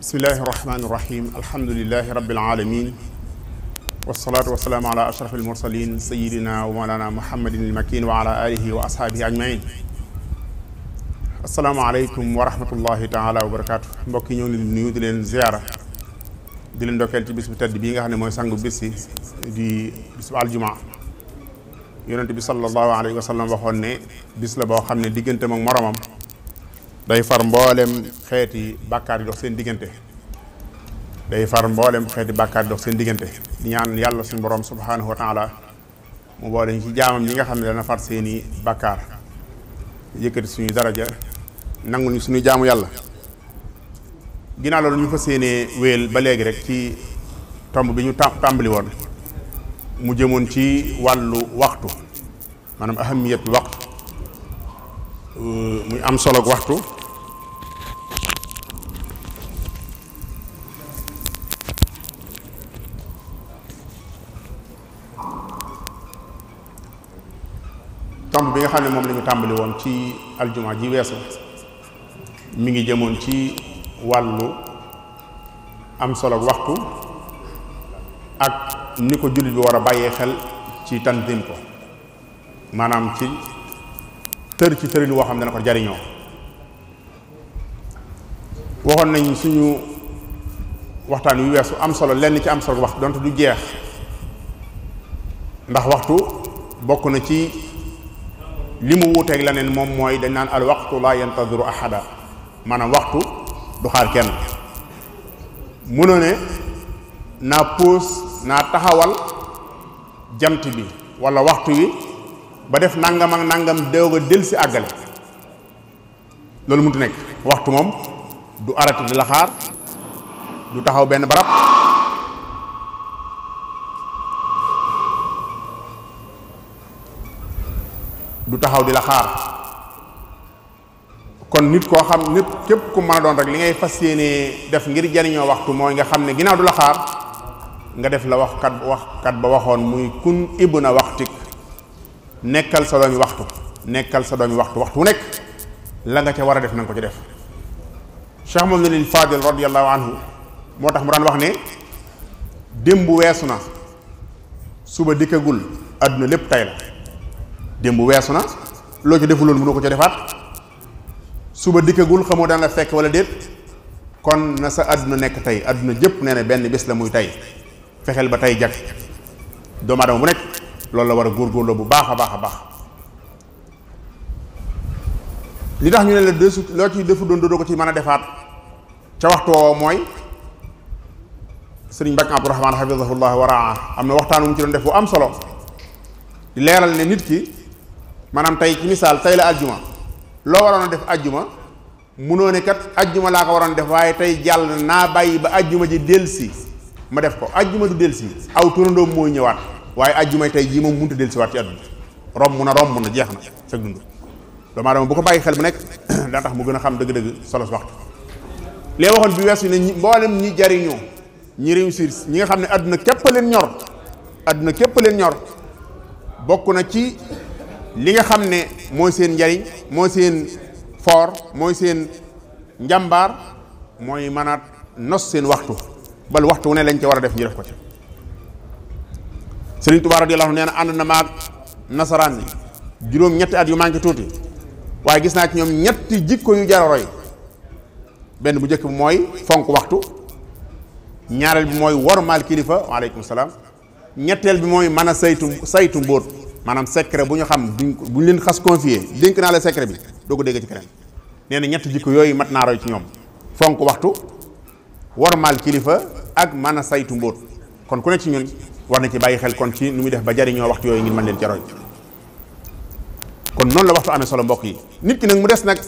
بسم الله الرحمن الرحيم الحمد لله رب العالمين والصلاة والسلام على أشرف المرسلين سيدنا ومولانا محمد المكين وعلى آله وأصحابه أجمعين السلام عليكم ورحمة الله تعالى وبركاته مباكي نيو نيو دلين زيارة دلين بس تي بسم تد بيغا بس موي بس بيسي دي بسم الجمعة يونتي بي صلى الله عليه وسلم واخون بس بيس لا بو خامني ديغنتم مك مروم day far mbollem xéeti bakkar dox seen digënté day far mbollem xéeti bakkar dox seen digënté ñaan yalla suñu borom subhanahu wa taala mu boole ci jaamam yi nga xamné dana far seeni bakkar yëkëti suñu daraja nangul suñu jaamu yalla gina lolu ñu fa séenee wéel ba légui rek ci tomb bi ñu tambali won mu jëmon ci walu waxtu maanaam ahamiyatu waxtu muy am solo waxtu xam ne moom la ñu tàmbali woon ci aljumaa ji weesu mi ngi jëmoon ci wàllu am solo waxtu ak ni ko jullit bi war a bàyyee xel ci tanzim ko maanaam ci tër ci tërin woo xam ne dana ko jariñoo waxoon nañ suñu waxtaan yu weesu am solo lenn ci am solo wax donte du jeex ndax waxtu bokk na ci li mu wuuteeg la neen moom mooy dañ naan al waxtu laa yantaziru ahada maanaam waxtu du xaar kenn munoo ne naa puus naa taxawal jant bi wala waxtu yi ba def nangam ak nangam déw ga si àggale loolu mënut nekk waxtu moom du arati di la xaar du taxaw benn barab du taxaw di la xaar kon nit koo xam nit képp ku mën a doon rek li ngay fas yéene def ngir jariñoo waxtu mooy nga xam ne ginnaaw du la xaar nga def la waxkat waxkat ba waxoon muy kun ibna waxtik nekkal sa doomi waxtu nekkal sa doomi waxtu waxtu wu nekk la nga ca war a def na ko ci def Cheikh Mouhamadul Fadil radiyallahu anhu moo tax mu daan wax ne démb weesu na suba dikkagul àdduna lépp tey la démb weesu na loo ci defuloon mënoo ko ca defaat suba dikkagul xamoo daan la fekk wala déet kon na sa àdduna nekk tey àdduna jëpp nee na benn bés la muy tey fexeel ba tey jag doomu aadama bu nekk loolu la war a góorgóorloo bu baax a baax a baax li tax ñu ne la desu loo ci defu doon doo ko ci mën a defaat ca waxtu woowa mooy sëriñ Mbàkke Abdu Rahmaan xafisahullah wa raa am na waxtaan wu mu ci doon def bu am solo di leeral ne nit ki maanaam tey ci misaal tey la ajjuma loo waroon a def ajjuma munoo ne kat ajjuma laa ko waroon def waaye tey jàll na naa bàyyi ba ajjuma ji delsi ma def ko ajjuma du delsi aw turandoom mooy ñëwaat waaye ajjuma tey jii moom mënut a delsiwaat ci àdduna romb na romb na jeex na sa dund doomu aadama bu ko bàyyi xel mu nekk daa tax mu gën a xam dëgg-dëgg solo waxtu lee waxoon bi weesu ne mboolem ñi jariñoo ñi réussir ñi nga xam ne àdduna képp leen ñor àdduna képp leen ñor bokk na ci li nga xam ne mooy seen njariñ mooy seen for mooy seen njàmbaar mooy mën nos seen waxtu bal waxtu wu ne lañ ca war a def ñu def ko ci Sëriñ Tuubaa radiyallaahu nee na ànd na maag nasaraan yi juróom ñetti at yu manqué tuuti waaye gis naa ci ñoom ñetti jikko yu jar benn bu njëkk bi mooy fonk waxtu ñaareel bi mooy wormaal kilifa waaleykum salaam ñetteel bi mooy mën a saytu saytu mbóot maanaam secret bu ñu xam duñ bu ñu leen xas confié dénk naa la secret bi doo ko dégg ci keneen nee na ñett jikko yooyu mat naa roy ci ñoom fonk waxtu wormaal kilifa ak mën a saytu mbóot kon ku ne ci ñun war na ci bàyyi xel kon ci nu muy def ba jariñoo waxtu yooyu ngir mën leen ca roy noonu la waxtu amee solo mbokk yi nit ki nag mu des nag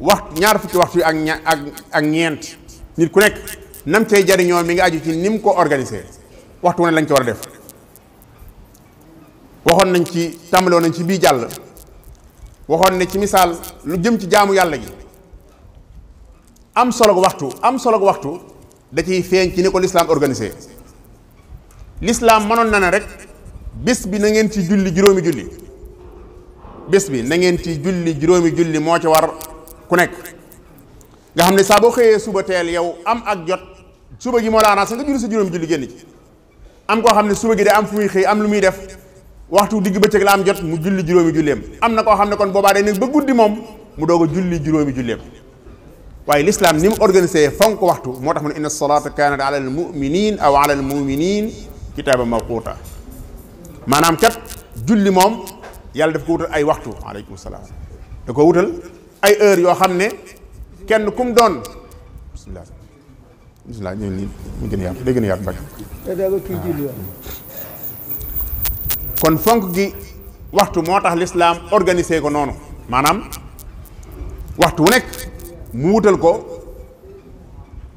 waxtu ñaar fukki waxtu yi ak ak ak ñeent nit ku nekk nam cay jariñoo mi nga aju ci ni mu ko organisé waxtu wu lañ ko war a def waxoon nañ ci tàmbaloo nañ ci bii jàll waxoon ne ci misaal lu jëm ci jaamu yàlla gi am solo waxtu am solo waxtu da ciy feeñ ci ni ko lislaam organisé lislaam mënoon na ne rek bés bi na ngeen ci julli juróomi julli bés bi na ngeen ci julli juróomi julli moo ci war ku nekk nga xam ne saa boo xëyee suba teel yow am ak jot suba gi moo la arrangé nga julli sa juróomi julli génn ci am koo xam ne suba gi day am fu muy xëy am lu muy def waxtu digg bëccëg la am jot mu julli juróomi julleem am na koo xam ne kon boobaa day nekk ba guddi moom mu doog a julli juróomi julleem waaye l'islam ni mu organisé fonk waxtu moo tax mu ne inna salata kanat ala al muminin aw ala al muminin kitaaba mawquta maanaam kat julli moom yàlla daf ko wutal ay waxtu alaykum salaam da ko wutal ay heure yoo xam ne kenn kum doon bismillah bismillah ñu nii mu gën a yaatu day gën a yaatu kon fonk gi waxtu moo tax lislaam organiser ko noonu maanaam waxtu wu nekk mu wutal ko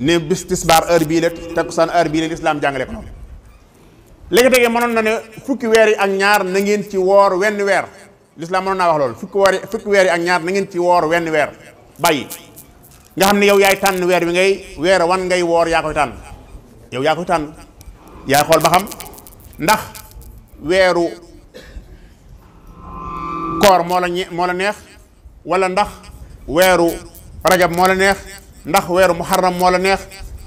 ne bis tisbaar heure bii la takkusaan heure bii la lislaam jàngale ko noonu léegi tegee mënoon na ne fukki weer yi ak ñaar na ngeen ci woor wenn weer lislaam mënoon naa wax loolu fukki weer fukki weer ak ñaar na ngeen ci woor wenn weer bàyyi nga xam ne yow yaay tànn weer bi ngay weer wan ngay woor yaa koy tànn yow yaa koy tànn yaay xool ba xam ndax weeru koor moo la moo la neex walla ndax weeru rajab moo la neex ndax weeru muharram moo la neex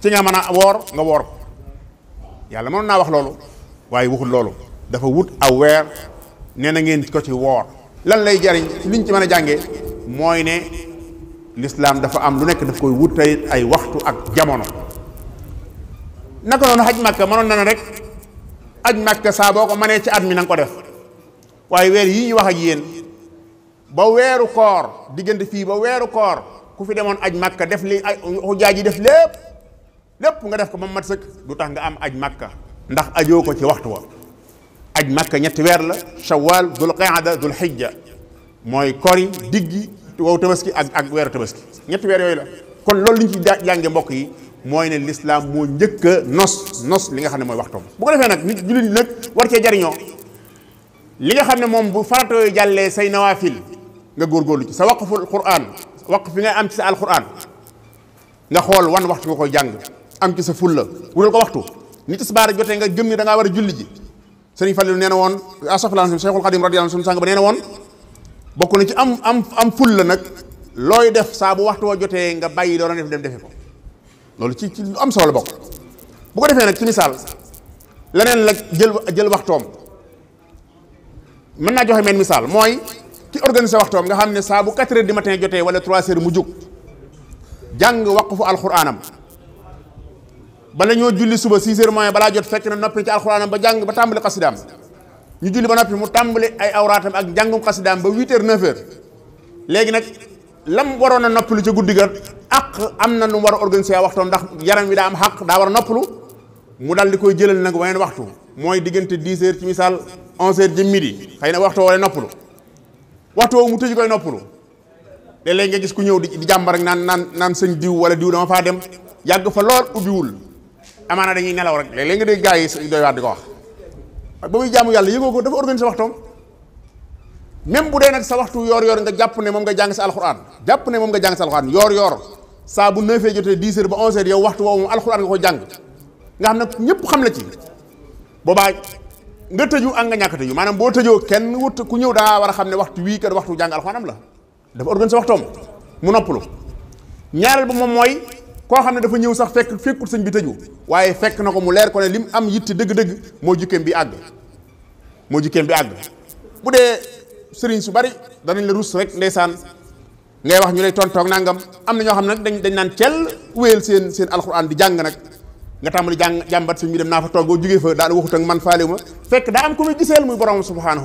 ci nga mën a woor nga woor ko yàlla mënoon naa wax loolu waaye waxul loolu dafa wut aw weer nee na ngeen ko ci woor lan lay jariñ liñ ci mën a jàngee mooy ne lislaam dafa am lu nekk dafa koy wut ay waxtu ak jamono naka noonu xaj màkka mënoon na ne rek aj Makka saa ko manee ci at mi na ko def waaye weer yii ñu wax ak yéen ba weeru koor diggante fii ba weeru koor ku fi demoon aj Makka def li xujaaj yi def lépp lépp nga def ko ba mat sëkk du tax nga am aj Makka ndax ajoo ko ci waxtu wa aj Makka ñetti weer la shawal dul qaada dul xijja mooy kori diggi wow tabaski ak ak weeru tabaski ñetti weer yooyu la kon loolu li ci jànge mbokk yi mooy ne lislaam moo njëkk a nos nos li nga xam ne mooy waxtoom bu ko defee nag nit jullit nag war cee jariñoo li nga xam ne moom bu farata yooyu jàllee say nawaafil nga góorgóorlu ci sa waqful quraan waqf fi ngay am ci sa alquran nga xool wan waxtu nga koy jàng am ci sa fulla wutal ko waxtu ni tisbaar jotee nga gëm ni da ngaa war a julli ji sëriñ Fallu nee na woon asaflaan Cheikhul Xadim radiyallahu anhu suñu sàng ba nee na woon bokk na ci am am am fulla nag looy def saa bu waxtu woo jotee nga bàyyi doon def dem defe ko loolu ci ci lu am solo bokk bu ko defee nag ci misaal leneen la jël jël waxtoom mën naa joxe meen misaal mooy ki organiser waxtoom nga xam ne saa bu 4 heures du matin jotee wala 3 heures mu jug jàng waqfu alxuraanam bala ñoo julli suba 6 heures moins balaa jot fekk na noppi ci alxuraanam ba jàng ba tàmbali xasidaam ñu julli ba noppi mu tàmbali ay awraatam ak njàngum xasidaam ba 8 heures 9 nag. lam waroon a lu ca guddi ga ak am na nu mu war a organiser waxtoom ndax yaram wi daa am xaq daa war a noppalu mu dal di koy jëlal nag waneen waxtu mooy diggante dix heures ci misaal onze heures jëm midi xëy na waxtu wala noppalu waxtu woowu mu tëj koy noppalu léeg-léeg nga gis ku ñëw di jàmbar rek naan naan naan sëñ diw wala diw dama faa dem yàgg fa lool ubbiwul amaana dañuy nelaw rek léeg-léeg nga dégg gars yi doy waat di ko wax ba muy jaamu yàlla yëgoo ko dafa organiser waxtoom même bu dee nag sa waxtu yor-yor nga jàpp ne moom nga jàng sa alxuraan jàpp ne moom nga jàng sa alxuraan yor-yor saa bu 9h jotee 10h ba 11h yow waxtu woowu moom alxuraan nga ko jàng nga xam ne ñëpp xam la ci boobaa nga tëju ak nga ñàkk tëju maanaam boo tëjoo kenn wut ku ñëw daa war a xam ne waxtu wii kat waxtu jàng alxuraanam la dafa organiser waxtoom mu noppalu ñaareel ba moom mooy koo xam ne dafa ñëw sax fekk fekkut sëñ bi tëju waaye fekk na ko mu leer ko ne lim am yitti dëgg-dëgg moo jukkeem bi àgg moo jukkeem bi àgg bu dee sëriñ su bari danañ la rus rek saan ngay wax ñu lay tontoog nangam am na ñoo xam ne nag dañ dañ naan cell wéyal seen seen alxuraan di jàng nag nga tàmbali jàng jàmbat suñ mi naa fa toog boo jógee daal wa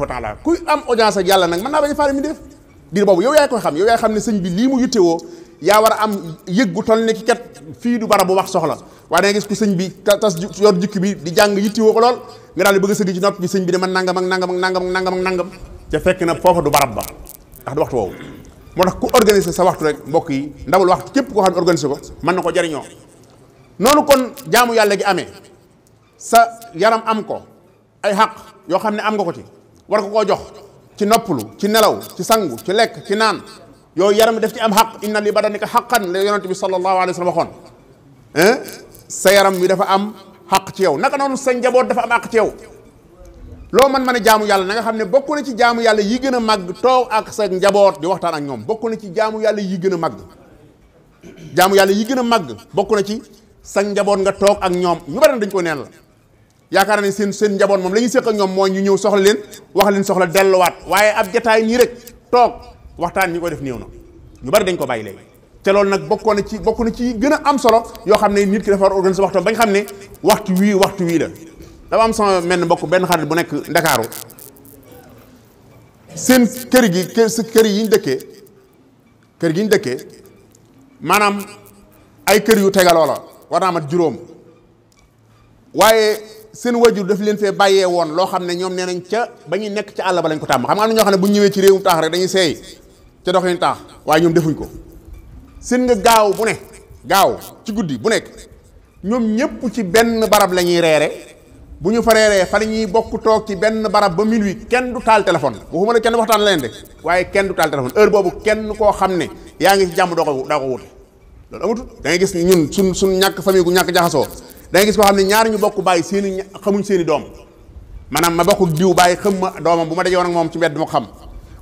taala kuy am audience ak yàlla nag mën a faale mi def diir boobu yow yaay sëñ bi lii mu yittewoo yaa a am gu toll ne ki du bara bu wax soxla waaye gis ko sëñ bi tas yor jukki bi di jàng yittewoo ko lool nga a sëgg sëñ bi de man nangam ak nangam ak nangam ak nangam ak nangam ca fekk na foofa du barab ba ndax du waxtu woowu moo tax ku organiser sa waxtu rek mbokk yi ndawul waxtu képp koo xam ne organiser ko mën na ko jariñoo noonu kon jaamu yàlla gi amee sa yaram am ko ay xaq yoo xam ne am nga ko ci war ko koo jox ci noppalu ci nelaw ci sangu ci lekk ci naan yooyu yaram def ci am xaq inna li badanika xaqan la yonent bi sallallahu alayhi wa sallam waxoon sa yaram wi dafa am xaq ci yow naka noonu sa njaboot dafa am xaq ci yow loo man mën a jaamu yàlla na nga xam ne bokk na ci jaamu yàlla yi gën a màgg toog ak sa njaboot bi waxtaan ak ñoom bokk na ci jaamu yàlla yi gën a màgg jaamu yàlla yi gën a màgg bokk na ci sa njaboot nga toog ak ñoom ñu bari dañ ko neen la yaakaar ne seen seen njaboot moom la ñuy séq ak ñoom mooy ñu ñëw soxla leen wax leen soxla delluwaat waaye ab jataay nii rek toog waxtaan ñi ko def néew na ñu bari dañ ko bàyyi léegi te loolu nag bokkoon na ci bokk na ci gën a am solo yoo xam ne nit ki dafa war organiser bañ xam ne waxtu wii waxtu wii la dama am sama menn mbokk benn xarit bu nekk ndakaaru seen kër gi kër si yi ñu dëkkee kër gi ñu dëkkee maanaam ay kër yu tegaloo la war naa mat juróom waaye seen wajur daf leen fee bàyyee woon loo xam ne ñoom nee nañ ca ba ñu nekk ca àll ba lañ ko tàmm xam nga am na ñoo xam ne bu ñëwee ci réewum taax rek dañuy seey ca doxin taax waaye ñoom defuñ ko seen nga gaaw bu ne gaaw ci guddi bu nekk ñoom ñëpp ci benn barab la ñuy reere bu ñu faree fareeree fan ñuy bokk toog ci benn barab ba minuit kenn du taal téléphone waxuma la kenn waxtaan leen de waaye kenn du taal téléphone heure boobu kenn koo xam ne yaa ngi ci jàmm doo ko doo ko wute loolu amatul da gis ñun suñ suñ ñàkk famille gu ñàkk jaxasoo da ngay gis koo xam ne ñaari ñu bokk bàyyi seen i xamuñ seen doom maanaam ma bokk diw bàyyi xam ma doomam bu ma dajewoon ak moom ci mbedd du ma xam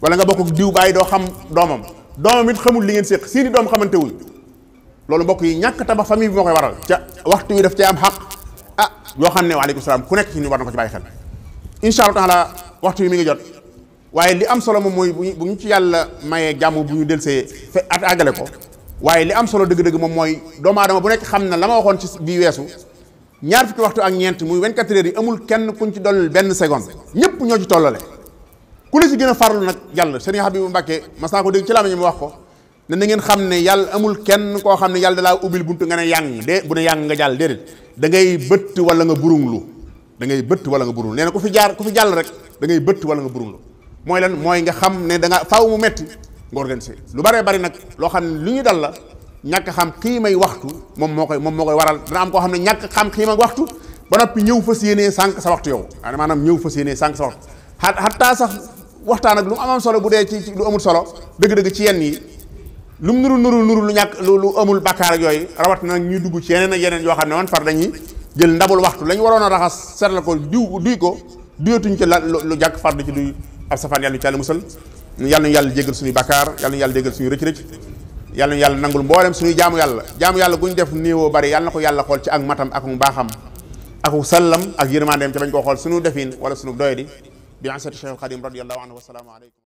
wala nga bokk diw bàyyi doo xam doomam doomam it xamul li ngeen séq seen doom xamante wuñ loolu mbokk yi ñàkk tabax famille bi koy waral ca waxtu wi daf cee am xaq ah yoo xam ne waaleykum salaam ku nekk ci ñu war na ko ci bàyyi xel incha allah taala waxtu yi mi ngi jot waaye li am solo moom mooy bu ñu ci yàlla mayee jàmm bu ñu delsee fe at àggale ko waaye li am solo dëgg-dëgg moom mooy doomu adama bu nekk xam na la ma waxoon ci bii weesu ñaar fukki waxtu ak ñeent muy 24 heures yi amul kenn ku kuñ ci dollil benn seconde ñëpp ñoo ci tollale ku la ci gën a farlu nag yàlla sëriñ Habibu Mbàkke mas naa ko dégg ci laa ma wax ko ne na ngeen xam ne yàlla amul kenn koo xam ne yàlla dalaa ubbil buntu nga ne yàng bu ne nga jàll déedéet da ngay bëtt wala nga burunglu dangay ngay bëtt wala nga burunglu nee ku fi jaar ku fi jàll rek dangay bëtt wala nga burunglu mooy lan mooy nga xam ne danga faw faaw mu metti nga organisé lu baree bari nag loo xam ne lu ñuy dal la ñàkk xam kii may waxtu moom moo koy moom moo koy waral dana am koo xam ne ñàkk xam kii may waxtu ba noppi ñëw fas yéenee sànq sa waxtu yow maanaam ñëw fas yéenee sànq sa waxtu xataa sax waxtaan ak lu mu am solo bu dee ci lu amul solo dëgg-dëgg ci yenn yi lu mu nuru nuru nuru lu ñàkk lu amul bakkaar ak yooyu rawat na ñuy dugg ci yeneen yeneen yoo xam ne man far dañuy jël ndabul waxtu la waroon a raxas seetal ko diw duy ko duyatuñ ci la lu jàkk far di ci duy ab safaan yàlla ñu ci yàlla musal yàlla ñu yàlla jéggal suñu bakkaar yàlla ñu yàlla jéggal suñuy rëcc-rëcc yàlla ñu yàlla nangul mboolem yàlla jaamu yàlla guñ def néewoo bari yàlla na ko yàlla xool ci ak matam ak mu baaxam ak sallam ak yërmandeem ca bañ koo xool suñu defin wala suñu doyadi bi ansati Cheikh Xadim radiyallahu anhu wa salaamu aleykum